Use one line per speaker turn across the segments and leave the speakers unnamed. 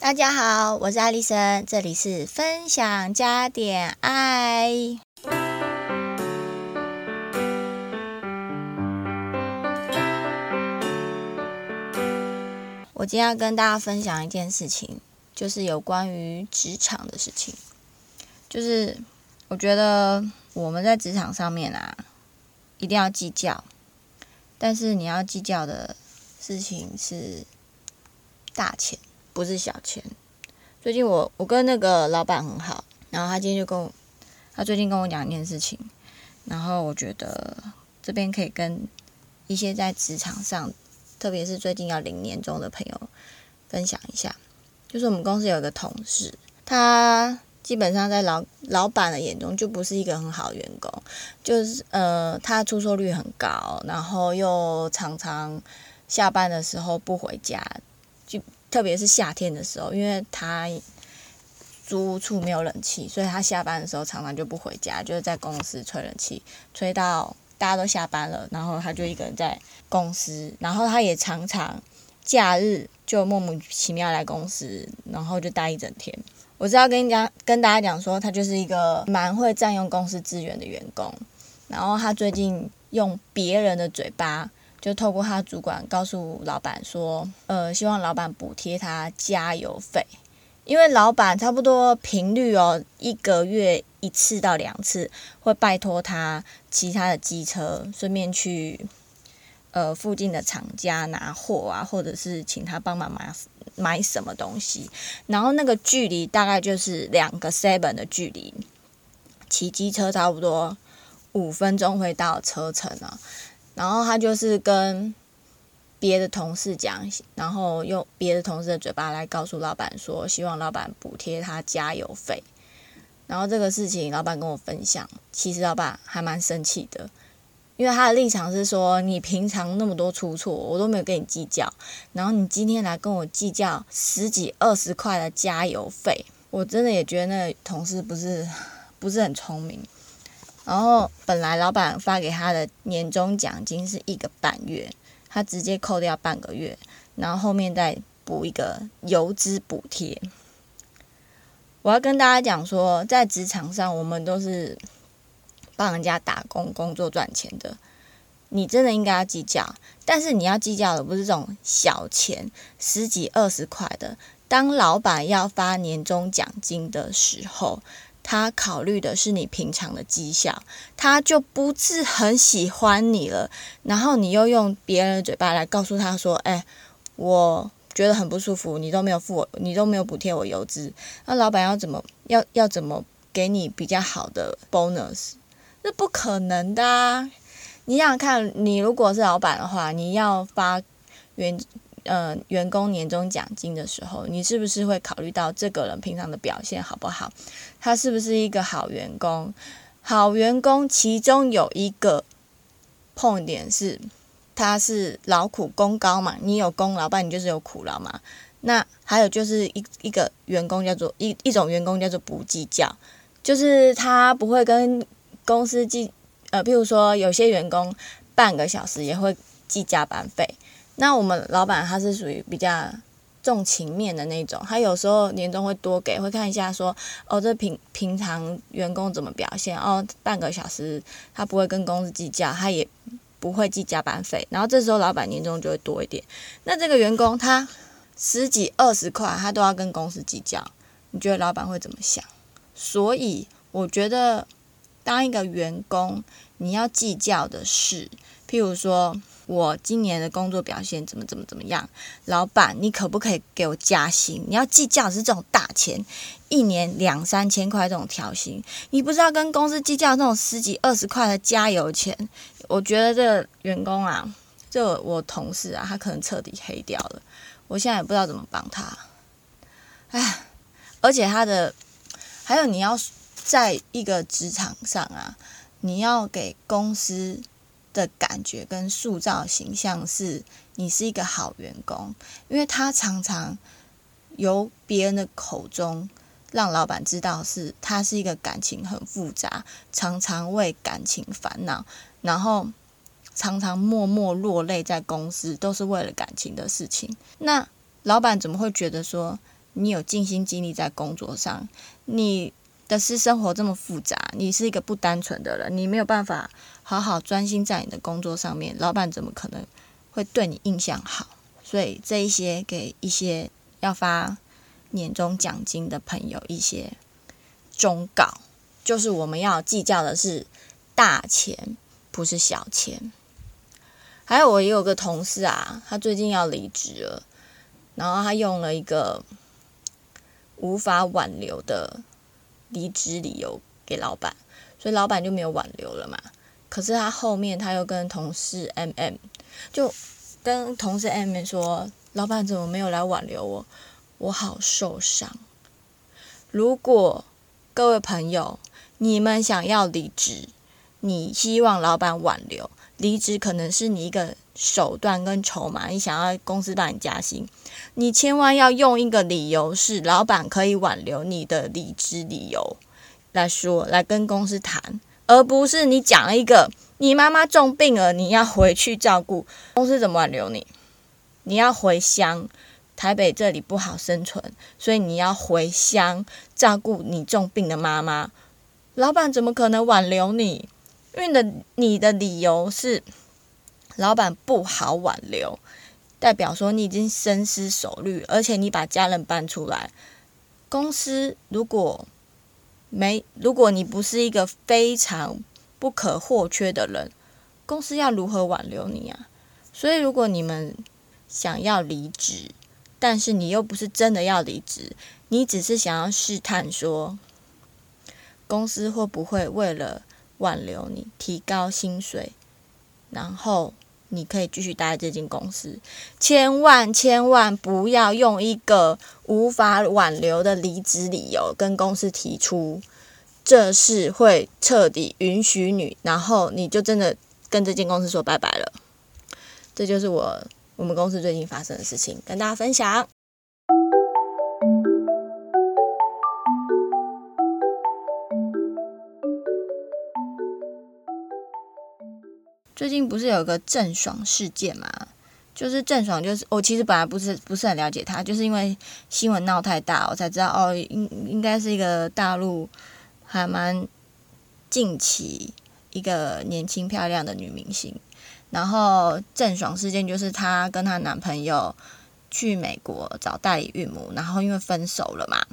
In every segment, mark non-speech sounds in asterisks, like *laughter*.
大家好，我是艾麗森，這裡是分享加點愛。我今天要跟大家分享一件事情，就是有關於職場的事情。就是我覺得我們在職場上面啊，一定要計較，但是你要計較的事情是大錢。不是小錢。最近我我跟那個老闆很好，然後他今天就跟我，他最近跟我講一件事情，然後我覺得這邊可以跟一些在職場上，特別是最近要領年終的朋友分享一下。就是我們公司有個同事，他基本上在老老闆的眼中就不是一個很好的員工，就是呃，他出錯率很高，然後又常常下班的時候不回家。特別是夏天的時候，因為他租屋處沒有冷氣，所以他下班的時候常常就不回家，就是在公司吹冷氣，吹到大家都下班了，然後他就一個人在公司。然後他也常常假日就莫名其妙來公司，然後就待一整天。我知道跟你講跟大家講說，他就是一個蠻會占用公司資源的員工。然後他最近用別人的嘴巴。就透過他主管告訴老板說，呃，希望老板補貼他加油費，因為老板差不多頻率哦、喔，一個月一次到兩次會拜托他騎他的機車，順便去呃附近的廠家拿貨啊，或者是請他幫忙買買什麼東西。然後那個距離大概就是兩個 seven 的距離，騎機車差不多五分鐘會到車程啊、喔。然後他就是跟別的同事講，然後用別的同事的嘴巴來告訴老板說，希望老闆補貼他加油費。然後這個事情老闆跟我分享，其實老闆還蠻生氣的，因為他的立場是說，你平常那麼多出錯，我都沒有跟你計較，然後你今天來跟我計較十幾二十塊的加油費，我真的也覺得那同事不是不是很聰明。然後本來老板發給他的年終獎金是一個半月，他直接扣掉半個月，然後後面再補一個油資補貼。我要跟大家講說，在職場上我們都是幫人家打工、工作賺錢的，你真的應該要計較。但是你要計較的不是這種小錢，十幾二十塊的。當老板要發年終獎金的時候，他考慮的是你平常的績效，他就不是很喜歡你了。然後你又用別人的嘴巴來告訴他說：“哎，我覺得很不舒服，你都沒有付我，你都沒有補貼我油資。”那老板要怎麼要要怎麼給你比較好的 bonus？那不可能的啊！你想想看你如果是老板的話，你要發原。嗯、呃，員工年終獎金的時候，你是不是會考慮到這個人平常的表現好不好？他是不是一個好員工？好員工其中有一個痛點是，他是勞苦功高嘛，你有功勞，但你就是有苦勞嘛。那還有就是一一個員工叫做一一種員工叫做不計較，就是他不會跟公司計，呃，譬如說有些員工半個小時也會計加班費。那我們老闆他是屬於比較重情面的那種，他有時候年終會多給，會看一下說，哦，這平平常員工怎麼表現，哦，半個小時他不會跟公司計較，他也不會計加班費，然後這時候老板年終就會多一點。那這個員工他十幾二十塊他都要跟公司計較，你覺得老板會怎麼想？所以我覺得當一個員工你要計較的是，譬如說。我今年的工作表現怎麼怎麼怎麼樣？老闆，你可不可以給我加薪？你要計較是這種大錢，一年兩三千塊這種調薪，你不知道跟公司計較這種十幾二十塊的加油錢。我覺得這個員工啊，這我同事啊，他可能徹底黑掉了。我現在也不知道怎麼幫他。唉，而且他的還有你要在一個職場上啊，你要給公司。的感覺跟塑造形象是，你是一個好員工，因為他常常由別人的口中讓老闆知道，是他是一個感情很複雜，常常為感情煩惱，然後常常默默落淚在公司，都是為了感情的事情。那老闆怎麼會覺得說你有盡心盡力在工作上？你？可是生活這麼複雜，你是一個不單純的人，你沒有辦法好好專心在你的工作上面，老闆怎麼可能會對你印象好？所以這一些給一些要發年終獎金的朋友一些忠告，就是我們要計較的是大錢，不是小錢。還有我也有個同事啊，他最近要離職了，然後他用了一個無法挽留的。離職理由給老闆，所以老闆就沒有挽留了嘛。可是他後面他又跟同事 MM，就跟同事 MM 說，老闆怎麼沒有來挽留我，我好受傷。如果各位朋友，你們想要離職，你希望老闆挽留，離職可能是你一個。手段跟籌碼，你想要公司幫你加薪，你千萬要用一個理由是老闆可以挽留你的離職理由來說，來跟公司談，而不是你講了一個你媽媽重病了，你要回去照顧，公司怎麼挽留你？你要回鄉，台北這裡不好生存，所以你要回鄉照顧你重病的媽媽，老闆怎麼可能挽留你？因為你的理由是。老闆不好挽留，代表說你已經深思熟慮，而且你把家人搬出來。公司如果沒，如果你不是一個非常不可或缺的人，公司要如何挽留你啊？所以，如果你們想要離職，但是你又不是真的要離職，你只是想要試探說，公司會不會為了挽留你，提高薪水，然後。你可以繼續待在這間公司，千萬千萬不要用一個無法挽留的離職理由跟公司提出，這是會徹底允許你，然後你就真的跟這間公司說拜拜了。這就是我我們公司最近發生的事情，跟大家分享。最近不是有個鄭爽事件嘛？就是鄭爽，就是我其實本來不是不是很了解她，就是因為新聞鬧太大，我才知道哦，應應該是一個大陸還蠻近期一個年輕漂亮的女明星。然後鄭爽事件就是她跟她男朋友去美國找代理孕母，然後因為分手了嘛，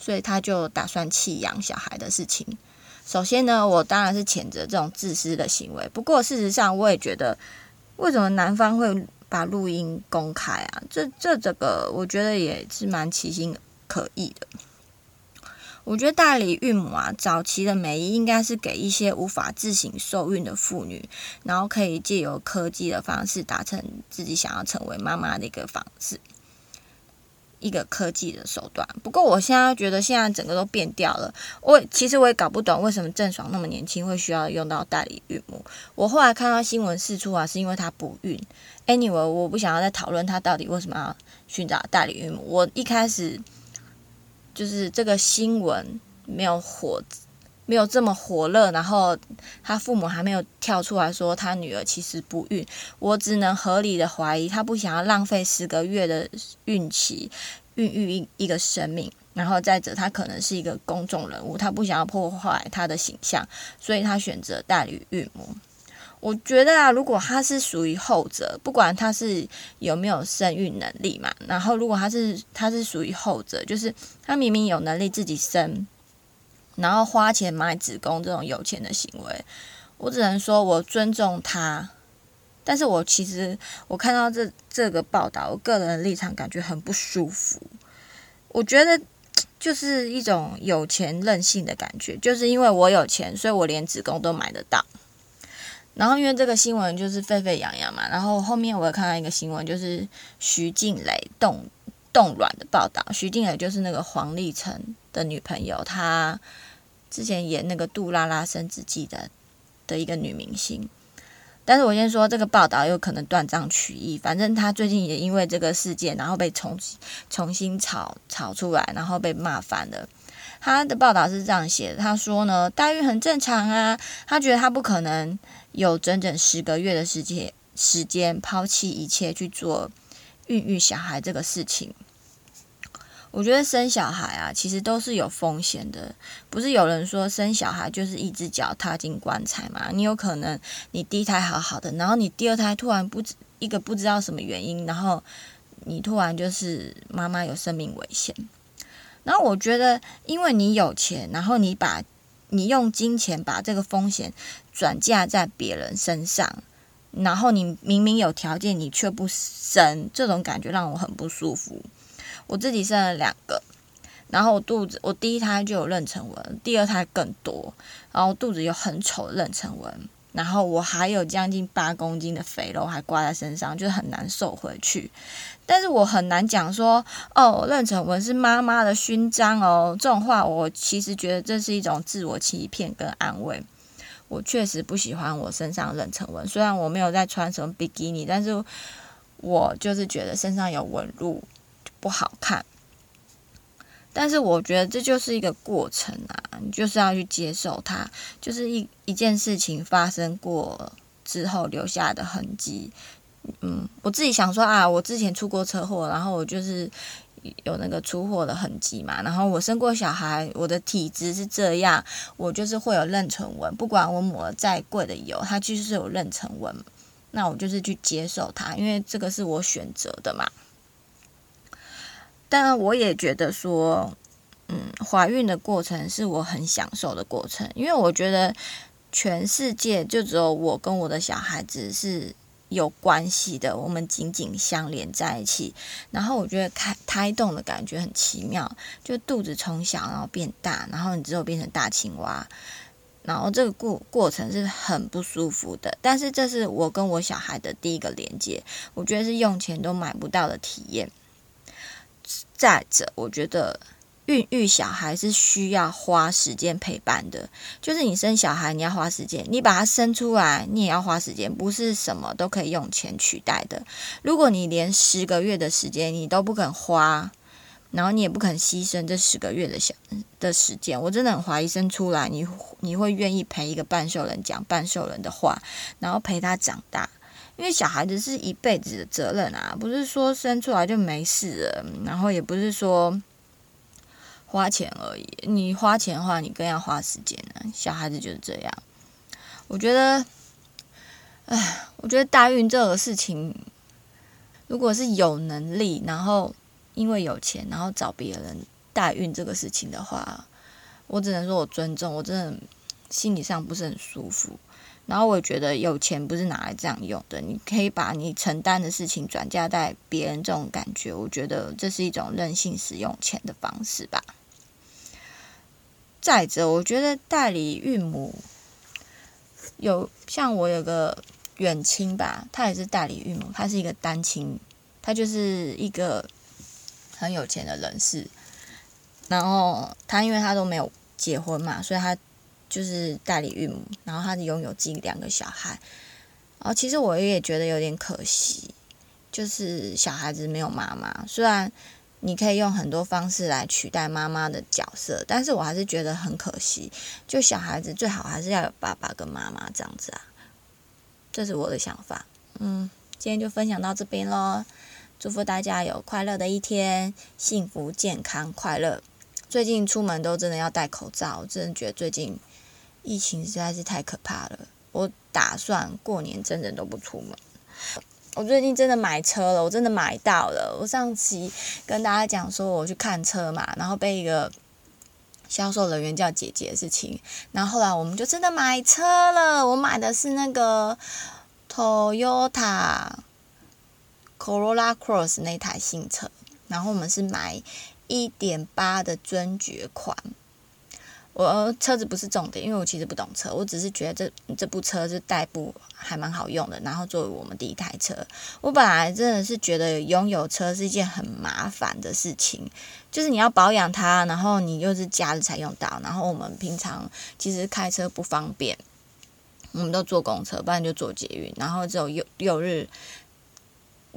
所以她就打算棄養小孩的事情。首先呢，我當然是譴責這種自私的行為。不過事實上，我也覺得，為什麼男方會把錄音公開啊？這這這個，我覺得也是蠻其心可議的。我覺得代理孕母啊，早期的美意應該是給一些無法自行受孕的婦女，然後可以借由科技的方式達成自己想要成為媽媽的一個方式。一個科技的手段，不過我現在覺得現在整個都變掉了。我其實我也搞不懂為什麼鄭爽那麼年輕會需要用到代理孕母。我後來看到新聞是出啊，是因為她不孕。Anyway，我不想要再討論她到底為什麼要尋找代理孕母。我一開始就是這個新聞沒有火。沒有這麼火熱，然後他父母還沒有跳出來說他女兒其實不孕，我只能合理的懷疑他不想要浪費十個月的孕期，孕育一一個生命。然後再者，他可能是一個公眾人物，他不想要破壞他的形象，所以他選擇代理孕母。我覺得啊，如果他是屬於後者，不管他是有沒有生育能力嘛，然後如果他是他是屬於後者，就是他明明有能力自己生。然後花錢買子宮這種有錢的行為，我只能說我尊重他，但是我其實我看到這這個報道，我個人的立場感覺很不舒服。我覺得就是一種有錢任性的感覺，就是因為我有錢，所以我連子宮都買得到。然後因為這個新聞就是沸沸揚揚嘛，然後後面我有看到一個新聞，就是徐靜蕾凍。凍卵的報道，徐靜蕾就是那個黃立成的女朋友，她之前演那個《杜拉拉升職記》的的一個女明星。但是我先說這個報道有可能斷章取義，反正她最近也因為這個事件，然後被重重新炒炒出來，然後被罵翻了。她的報道是這樣寫的，她說呢，代孕很正常啊，她覺得她不可能有整整十個月的時間時間拋棄一切去做孕育小孩這個事情。我覺得生小孩啊，其實都是有風險的。不是有人說生小孩就是一隻腳踏進棺材嗎？你有可能你第一胎好好的，然後你第二胎突然不知一個不知道什麼原因，然後你突然就是媽媽有生命危險。然後我覺得，因為你有錢，然後你把，你用金錢把這個風險轉嫁在別人身上，然後你明明有條件，你卻不生，這種感覺讓我很不舒服。我自己生了兩個，然後我肚子，我第一胎就有妊娠紋，第二胎更多，然後肚子有很醜妊娠紋，然後我還有將近八公斤的肥肉還掛在身上，就很難瘦回去。但是我很難講說，哦，妊娠紋是媽媽的勳章哦，這種話我其實覺得這是一種自我欺騙跟安慰。我確實不喜歡我身上妊娠紋，雖然我沒有在穿什麼比基尼，但是我就是覺得身上有紋路。不好看，但是我覺得這就是一個過程啊，你就是要去接受它，就是一一件事情發生過之後留下的痕跡。嗯，我自己想說啊，我之前出過車禍，然後我就是有那個車禍的痕跡嘛，然後我生過小孩，我的體質是這樣，我就是會有妊娠紋，不管我抹了再貴的油，它就是有妊娠紋。那我就是去接受它，因為這個是我選擇的嘛。但我也覺得說，嗯，懷孕的過程是我很享受的過程，因為我覺得全世界就只有我跟我的小孩子是有關係的，我們緊緊相連在一起。然後我覺得胎胎動的感覺很奇妙，就肚子從小然後變大，然後你之後變成大青蛙，然後這個過過程是很不舒服的，但是這是我跟我小孩的第一個連接，我覺得是用錢都買不到的體驗。再者，我覺得孕育小孩是需要花時間陪伴的。就是你生小孩，你要花時間；你把他生出來，你也要花時間。不是什麼都可以用錢取代的。如果你連十個月的時間你都不肯花，然後你也不肯犧牲這十個月的小的時間，我真的很懷疑生出來你你會願意陪一個半獸人講半獸人的話，然後陪他長大。因為小孩子是一輩子的責任啊，不是說生出來就沒事了，然後也不是說花錢而已。你花錢的話，你更要花時間啊。小孩子就是這樣，我覺得，唉，我覺得代孕這個事情，如果是有能力，然後因為有錢，然後找別人代孕這個事情的話，我只能說，我尊重，我真的心理上不是很舒服。然後我覺得有錢不是拿來這樣用的，你可以把你承擔的事情轉嫁在別人，這種感覺，我覺得這是一種任性使用錢的方式吧。再者，我覺得代理孕母有像我有個遠親吧，他也是代理孕母，他是一個單親，他就是一個很有錢的人士。然後他因為他都沒有結婚嘛，所以他。就是代理孕母，然後他擁有自己兩個小孩，哦，其實我也覺得有點可惜，就是小孩子沒有媽媽。雖然你可以用很多方式來取代媽媽的角色，但是我還是覺得很可惜。就小孩子最好還是要有爸爸跟媽媽這樣子啊，這是我的想法。嗯，今天就分享到這邊嘍，祝福大家有快樂的一天，幸福、健康、快樂。最近出門都真的要戴口罩，真的覺得最近。疫情實在是太可怕了，我打算過年真的都不出門。我最近真的買車了，我真的買到了。我上次跟大家講說我去看車嘛，然後被一個銷售人員叫姐姐的事情，然後後來我們就真的買車了。我買的是那個 Toyota Corolla Cross 那台新車，然後我們是買一點八的尊爵款。我車子不是重點，因為我其實不懂車，我只是覺得這這部車是代步還蠻好用的。然後作為我們第一台車，我本來真的是覺得擁有車是一件很麻煩的事情，就是你要保養它，然後你又是假日才用到，然後我們平常其實開車不方便，我們都坐公車，不然就坐捷運，然後只有六六日，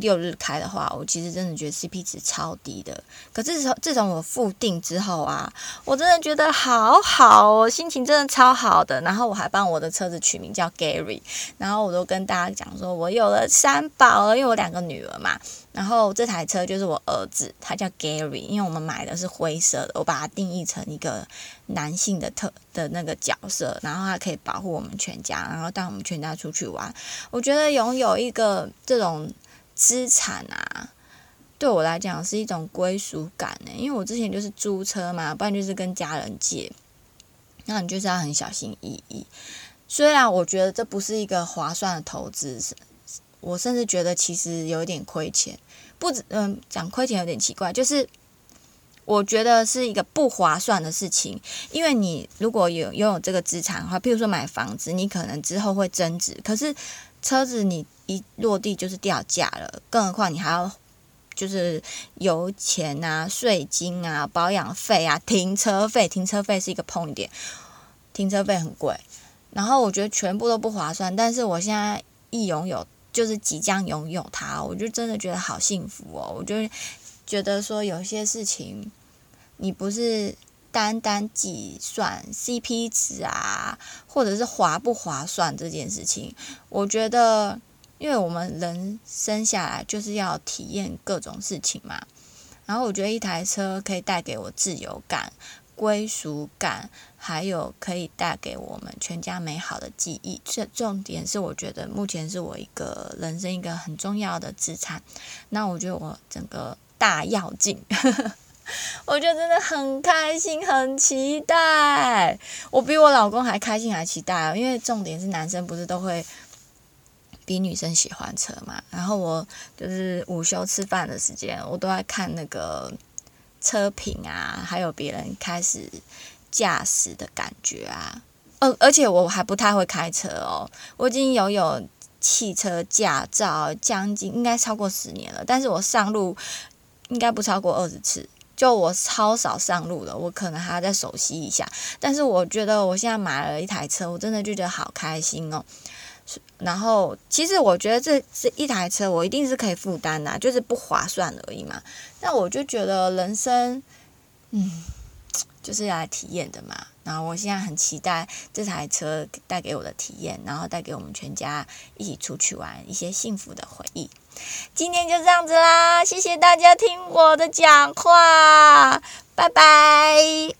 六日開的話，我其實真的覺得 CP 值超低的。可自從自從我付定之後啊，我真的覺得好好哦，心情真的超好的。然後我還幫我的車子取名叫 Gary，然後我都跟大家講說，我有了三寶了，因為我兩個女兒嘛。然後這台車就是我兒子，他叫 Gary，因為我們買的是灰色的，我把它定義成一個男性的特的那個角色，然後他可以保護我們全家，然後帶我們全家出去玩。我覺得擁有一個這種。資產啊，對我來講是一種歸屬感呢、欸。因為我之前就是租車嘛，不然就是跟家人借，那你就是要很小心翼翼。雖然我覺得這不是一個划算的投資，我甚至覺得其實有點虧錢。不止，嗯、呃，講虧錢有點奇怪，就是我覺得是一個不划算的事情。因為你如果有擁有，有這個資產的話，譬如說買房子，你可能之後會增值；可是車子你。一落地就是掉價了，更何況你還要就是油錢啊、稅金啊、保養費啊、停車費，停車費是一個痛點，停車費很貴。然後我覺得全部都不划算，但是我現在一擁有，就是即將擁有它，我就真的覺得好幸福哦！我就覺得說有些事情，你不是單單計算 CP 值啊，或者是划不划算這件事情，我覺得。因為我們人生下來就是要體驗各種事情嘛，然後我覺得一台車可以帶給我自由感、歸屬感，還有可以帶給我們全家美好的記憶。這重點是，我覺得目前是我一個人生一個很重要的資產。那我覺得我整個大要進， *laughs* 我就真的很開心，很期待。我比我老公還開心還期待，因為重點是男生不是都會。比女生喜歡車嘛，然後我就是午休吃飯的時間，我都在看那個車評啊，還有別人開始駕駛的感覺啊。而、哦、而且我還不太會開車哦，我已經有有汽車駕照將近應該超過十年了，但是我上路應該不超過二十次，就我超少上路的，我可能還要再熟悉一下。但是我覺得我現在買了一台車，我真的就覺得好開心哦。然後，其實我覺得這一台車，我一定是可以負擔的，就是不划算而已嘛。但我就覺得人生，嗯，就是要來體驗的嘛。然後我現在很期待這台車帶給我的體驗，然後帶給我們全家一起出去玩一些幸福的回憶。今天就這樣子啦，謝謝大家聽我的講話，拜拜。